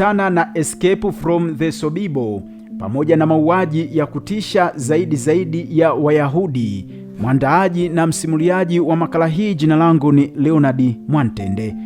kukutana na Escape from the Sobibo pamoja na mauaji ya kutisha zaidi zaidi ya Wayahudi. Mwandaaji na msimuliaji wa makala hii, jina langu ni Leonard Mwantende.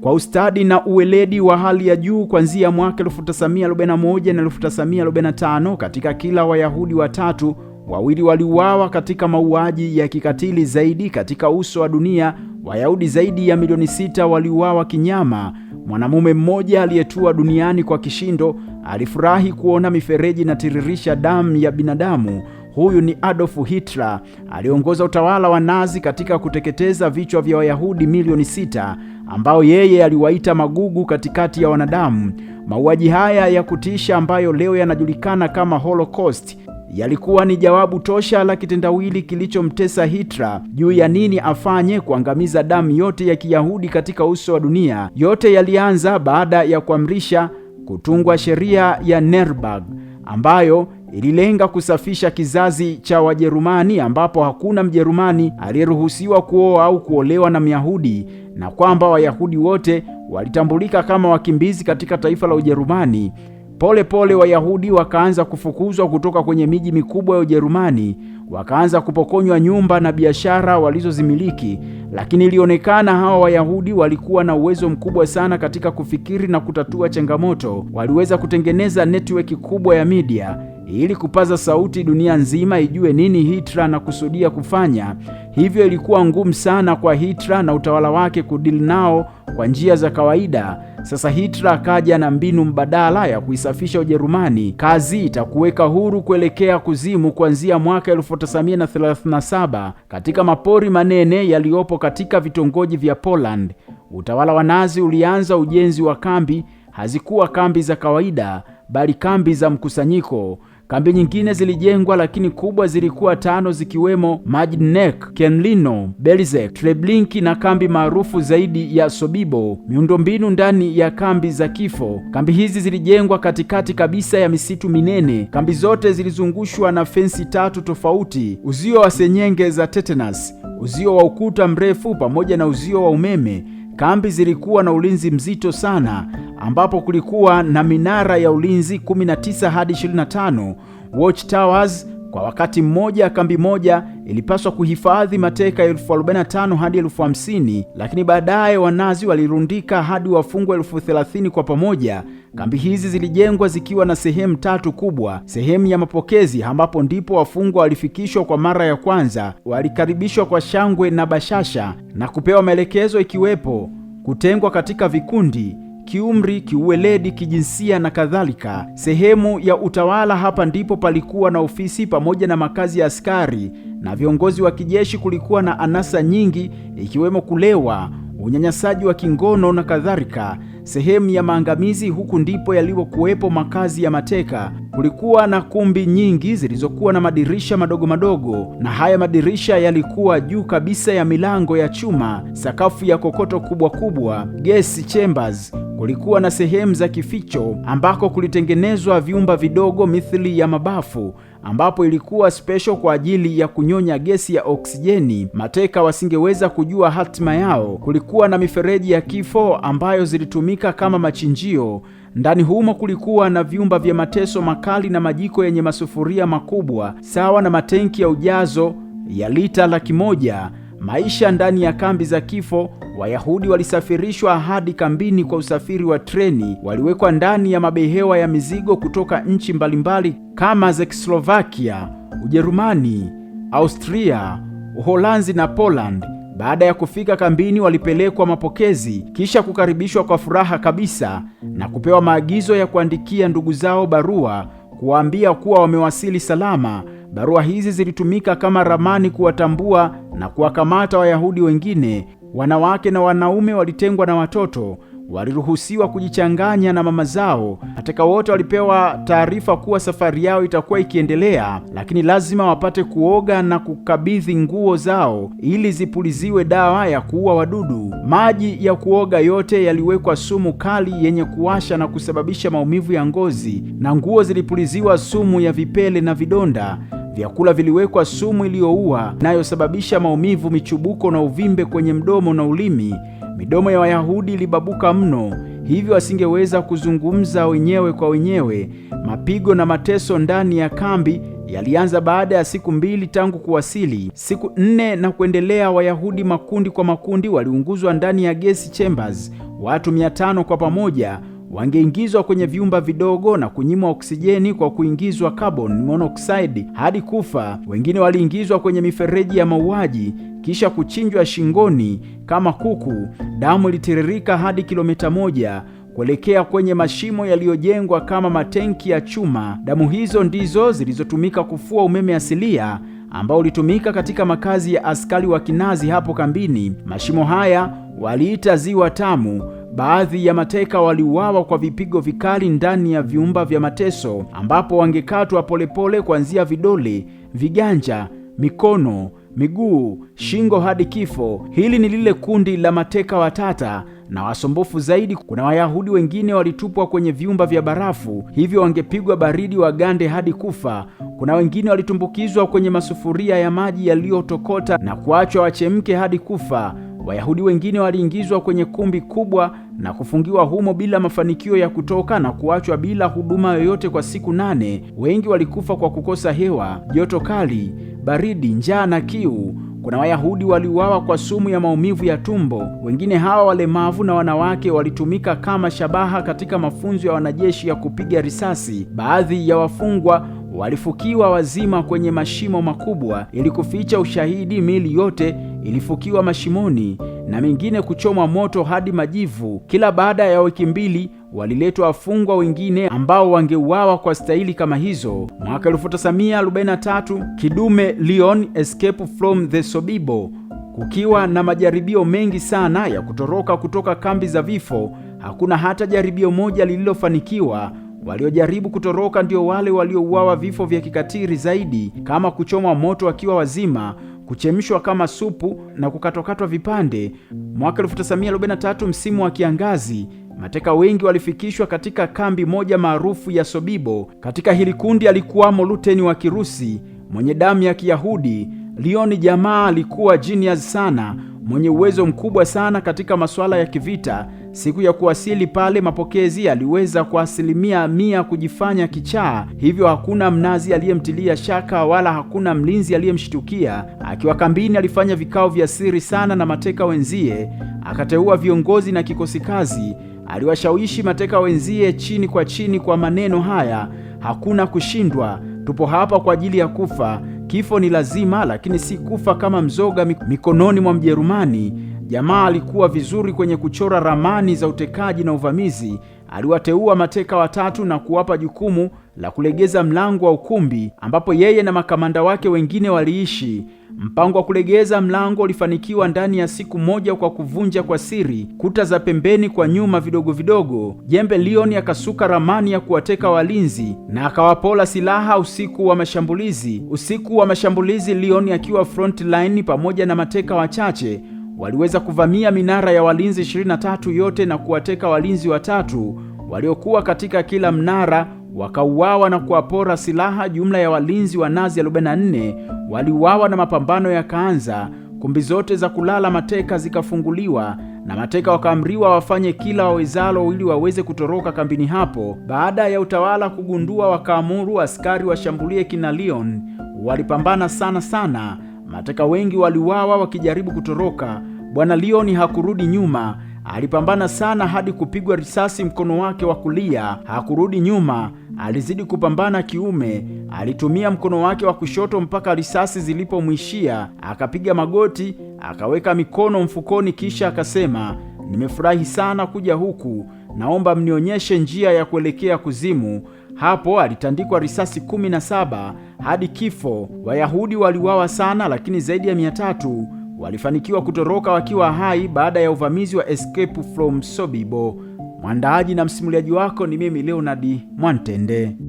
Kwa ustadi na uweledi wa hali ya juu, kuanzia mwaka 1941 na 1945, katika kila Wayahudi watatu wawili waliuawa katika mauaji ya kikatili zaidi katika uso wa dunia Wayahudi zaidi ya milioni sita waliuawa kinyama. Mwanamume mmoja aliyetua duniani kwa kishindo alifurahi kuona mifereji inatiririsha damu ya binadamu. Huyu ni Adolf Hitler, aliongoza utawala wa Nazi katika kuteketeza vichwa vya Wayahudi milioni sita ambao yeye aliwaita magugu katikati ya wanadamu. Mauaji haya ya kutisha ambayo leo yanajulikana kama Holocaust yalikuwa ni jawabu tosha la kitendawili kilichomtesa Hitler juu ya nini afanye kuangamiza damu yote ya Kiyahudi katika uso wa dunia. Yote yalianza baada ya kuamrisha kutungwa sheria ya Nuremberg ambayo ililenga kusafisha kizazi cha Wajerumani ambapo hakuna Mjerumani aliyeruhusiwa kuoa au kuolewa na Myahudi na kwamba Wayahudi wote walitambulika kama wakimbizi katika taifa la Ujerumani. Polepole Wayahudi wakaanza kufukuzwa kutoka kwenye miji mikubwa ya Ujerumani, wakaanza kupokonywa nyumba na biashara walizozimiliki, lakini ilionekana hawa Wayahudi walikuwa na uwezo mkubwa sana katika kufikiri na kutatua changamoto. Waliweza kutengeneza network kubwa ya media ili kupaza sauti dunia nzima ijue nini Hitler anakusudia kufanya Hivyo ilikuwa ngumu sana kwa Hitler na utawala wake kudili nao kwa njia za kawaida. Sasa Hitler akaja na mbinu mbadala ya kuisafisha Ujerumani. Kazi itakuweka huru kuelekea kuzimu kuanzia mwaka 1937 katika mapori manene yaliyopo katika vitongoji vya Poland. Utawala wa Nazi ulianza ujenzi wa kambi. Hazikuwa kambi za kawaida, bali kambi za mkusanyiko. Kambi nyingine zilijengwa, lakini kubwa zilikuwa tano, zikiwemo majnek Kenlino, Belzec, Treblinki na kambi maarufu zaidi ya Sobibo. Miundombinu ndani ya kambi za kifo. Kambi hizi zilijengwa katikati kabisa ya misitu minene. Kambi zote zilizungushwa na fensi tatu tofauti, uzio wa senyenge za tetanus, uzio wa ukuta mrefu pamoja na uzio wa umeme. Kambi zilikuwa na ulinzi mzito sana ambapo kulikuwa na minara ya ulinzi 19 hadi 25 watch towers. Kwa wakati mmoja, kambi moja ilipaswa kuhifadhi mateka 45 hadi 50, lakini baadaye Wanazi walirundika hadi wafungwa 30 kwa pamoja. Kambi hizi zilijengwa zikiwa na sehemu tatu kubwa: sehemu ya mapokezi, ambapo ndipo wafungwa walifikishwa kwa mara ya kwanza, walikaribishwa kwa shangwe na bashasha na kupewa maelekezo, ikiwepo kutengwa katika vikundi kiumri, kiuweledi, kijinsia na kadhalika. Sehemu ya utawala hapa ndipo palikuwa na ofisi pamoja na makazi ya askari na viongozi wa kijeshi. Kulikuwa na anasa nyingi, ikiwemo kulewa, unyanyasaji wa kingono na kadhalika. Sehemu ya maangamizi, huku ndipo yalipokuwepo makazi ya mateka. Kulikuwa na kumbi nyingi zilizokuwa na madirisha madogo madogo, na haya madirisha yalikuwa juu kabisa ya milango ya chuma, sakafu ya kokoto kubwa kubwa, gas chambers kulikuwa na sehemu za kificho ambako kulitengenezwa vyumba vidogo mithili ya mabafu ambapo ilikuwa special kwa ajili ya kunyonya gesi ya oksijeni. Mateka wasingeweza kujua hatima yao. Kulikuwa na mifereji ya kifo ambayo zilitumika kama machinjio. Ndani humo kulikuwa na vyumba vya mateso makali na majiko yenye masufuria makubwa sawa na matenki ya ujazo ya lita laki moja Maisha ndani ya kambi za kifo. Wayahudi walisafirishwa hadi kambini kwa usafiri wa treni, waliwekwa ndani ya mabehewa ya mizigo kutoka nchi mbalimbali kama Czechoslovakia, Ujerumani, Austria, Uholanzi na Poland. Baada ya kufika kambini, walipelekwa mapokezi, kisha kukaribishwa kwa furaha kabisa na kupewa maagizo ya kuandikia ndugu zao barua kuwaambia kuwa wamewasili salama Barua hizi zilitumika kama ramani kuwatambua na kuwakamata Wayahudi wengine. Wanawake na wanaume walitengwa na watoto, waliruhusiwa kujichanganya na mama zao. Mateka wote walipewa taarifa kuwa safari yao itakuwa ikiendelea, lakini lazima wapate kuoga na kukabidhi nguo zao ili zipuliziwe dawa ya kuua wadudu. Maji ya kuoga yote yaliwekwa sumu kali yenye kuwasha na kusababisha maumivu ya ngozi, na nguo zilipuliziwa sumu ya vipele na vidonda. Vyakula viliwekwa sumu iliyoua inayosababisha maumivu, michubuko na uvimbe kwenye mdomo na ulimi. Midomo ya Wayahudi ilibabuka mno, hivyo asingeweza kuzungumza wenyewe kwa wenyewe. Mapigo na mateso ndani ya kambi yalianza baada ya siku mbili tangu kuwasili. Siku nne na kuendelea, Wayahudi makundi kwa makundi waliunguzwa ndani ya gesi chambers, watu 500 kwa pamoja wangeingizwa kwenye vyumba vidogo na kunyimwa oksijeni kwa kuingizwa carbon monoxide hadi kufa. Wengine waliingizwa kwenye mifereji ya mauaji kisha kuchinjwa shingoni kama kuku. Damu ilitiririka hadi kilomita moja kuelekea kwenye mashimo yaliyojengwa kama matenki ya chuma. Damu hizo ndizo zilizotumika kufua umeme asilia ambao ulitumika katika makazi ya askari wa Kinazi hapo kambini. Mashimo haya waliita Ziwa Tamu Baadhi ya mateka waliuawa kwa vipigo vikali ndani ya vyumba vya mateso ambapo wangekatwa polepole kuanzia vidole, viganja, mikono, miguu, shingo hadi kifo. Hili ni lile kundi la mateka watata na wasumbufu zaidi. Kuna Wayahudi wengine walitupwa kwenye vyumba vya barafu, hivyo wangepigwa baridi wagande hadi kufa. Kuna wengine walitumbukizwa kwenye masufuria ya maji yaliyotokota na kuachwa wachemke hadi kufa. Wayahudi wengine waliingizwa kwenye kumbi kubwa na kufungiwa humo bila mafanikio ya kutoka na kuachwa bila huduma yoyote kwa siku nane. Wengi walikufa kwa kukosa hewa, joto kali, baridi, njaa na kiu. Kuna Wayahudi waliuawa kwa sumu ya maumivu ya tumbo. Wengine hawa walemavu na wanawake walitumika kama shabaha katika mafunzo ya wanajeshi ya kupiga risasi. Baadhi ya wafungwa walifukiwa wazima kwenye mashimo makubwa ili kuficha ushahidi. mili yote ilifukiwa mashimoni na mengine kuchomwa moto hadi majivu. Kila baada ya wiki mbili waliletwa wafungwa wengine ambao wangeuawa kwa staili kama hizo. Mwaka 1943 kidume Leon Escape from the Sobibo, kukiwa na majaribio mengi sana ya kutoroka kutoka kambi za vifo, hakuna hata jaribio moja lililofanikiwa. Waliojaribu kutoroka ndio wale waliouawa vifo vya kikatili zaidi, kama kuchomwa moto wakiwa wazima, kuchemshwa kama supu na kukatwakatwa vipande. Mwaka 1943 msimu wa kiangazi, mateka wengi walifikishwa katika kambi moja maarufu ya Sobibo. Katika hili kundi alikuwamo luteni wa Kirusi mwenye damu ya Kiyahudi. Leon jamaa alikuwa genius sana, mwenye uwezo mkubwa sana katika masuala ya kivita Siku ya kuwasili pale, mapokezi aliweza kwa asilimia mia kujifanya kichaa, hivyo hakuna mnazi aliyemtilia shaka wala hakuna mlinzi aliyemshtukia. Akiwa kambini, alifanya vikao vya siri sana na mateka wenzie, akateua viongozi na kikosi kazi. Aliwashawishi mateka wenzie chini kwa chini kwa maneno haya: hakuna kushindwa, tupo hapa kwa ajili ya kufa. Kifo ni lazima, lakini si kufa kama mzoga mikononi mwa Mjerumani. Jamaa alikuwa vizuri kwenye kuchora ramani za utekaji na uvamizi. Aliwateua mateka watatu na kuwapa jukumu la kulegeza mlango wa ukumbi ambapo yeye na makamanda wake wengine waliishi. Mpango wa kulegeza mlango ulifanikiwa ndani ya siku moja kwa kuvunja kwa siri kuta za pembeni kwa nyuma vidogo vidogo. Jembe Leon akasuka ramani ya kuwateka walinzi na akawapola silaha usiku wa mashambulizi. Usiku wa mashambulizi, Leon akiwa front line pamoja na mateka wachache waliweza kuvamia minara ya walinzi 23 yote na kuwateka walinzi watatu waliokuwa katika kila mnara, wakauawa na kuwapora silaha. Jumla ya walinzi wa Nazi 44 waliuawa na mapambano yakaanza. Kumbi zote za kulala mateka zikafunguliwa na mateka wakaamriwa wafanye kila wawezalo ili waweze kutoroka kambini hapo. Baada ya utawala kugundua, wakaamuru askari washambulie Leon. Walipambana sana sana Mateka wengi waliuawa wakijaribu kutoroka. Bwana Leon hakurudi nyuma, alipambana sana hadi kupigwa risasi mkono wake wa kulia. Hakurudi nyuma, alizidi kupambana kiume, alitumia mkono wake wa kushoto mpaka risasi zilipomwishia. Akapiga magoti, akaweka mikono mfukoni, kisha akasema, nimefurahi sana kuja huku, naomba mnionyeshe njia ya kuelekea kuzimu. Hapo alitandikwa risasi 17 hadi kifo. Wayahudi waliuawa sana, lakini zaidi ya 300 walifanikiwa kutoroka wakiwa hai baada ya uvamizi wa Escape from Sobibor. Mwandaaji na msimuliaji wako ni mimi Leonard Mwantende.